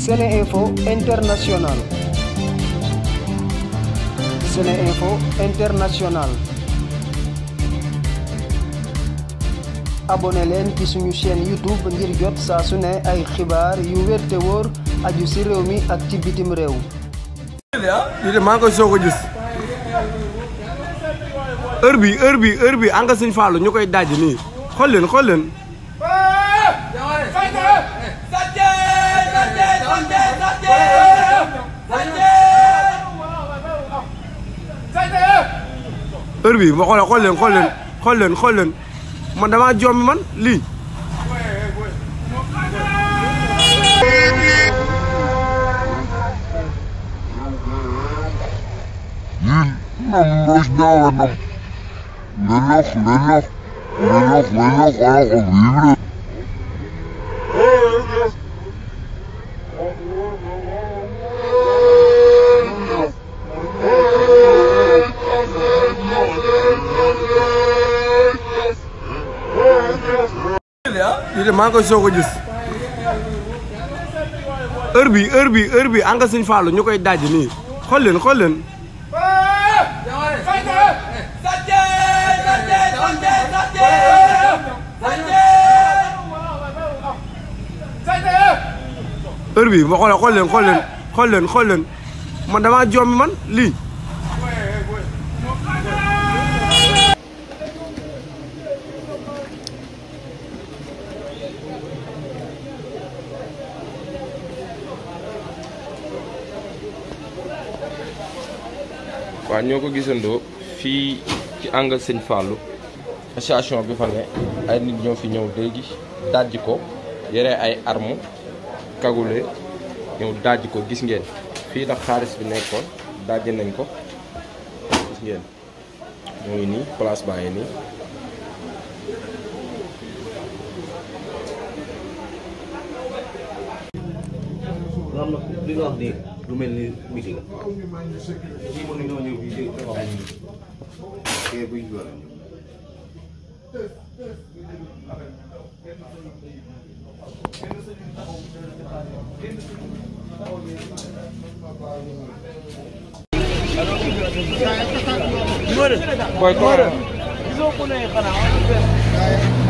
Sene Info International Sene leen ci suñu chaîne YouTube ngir jot saa su ne ay xibaar yu wér te aju ci réew mi ak ci bitim réew lii bi heure bi heure bi anga sëñ Fallou ñu koy daj nii xool leen xool leen heure bii ma xoolee xool leen xool leen xool leen xool leen man damaa jommi man lii. yéen moom Mbodj Ndiaye la ñu. kii de maa ngi koy soog a gis heure bi heure bi heure bi anga sëñ Fallou ñu koy daj nii xool leen xool leen heure bi boo xoolee xool leen xool leen xool leen xool leen man damaa man lii waaw ñoo ko gisandoo fii ci angle sëñ Fallou association bi fa ne ay nit ñoo fi ñëw léegi dajji ko yore ay armu kagule ñëw dajji ko gis ngeen fii la xaalis bi nekkoon dajji nañ ko gis ngeen moo ngi nii place nii lu mel ni biti la fii mën nañoo ñëw fii dégg taxaw ñu kee buy joxe Mërë. Mërë. Gisoo ku ne xanaa.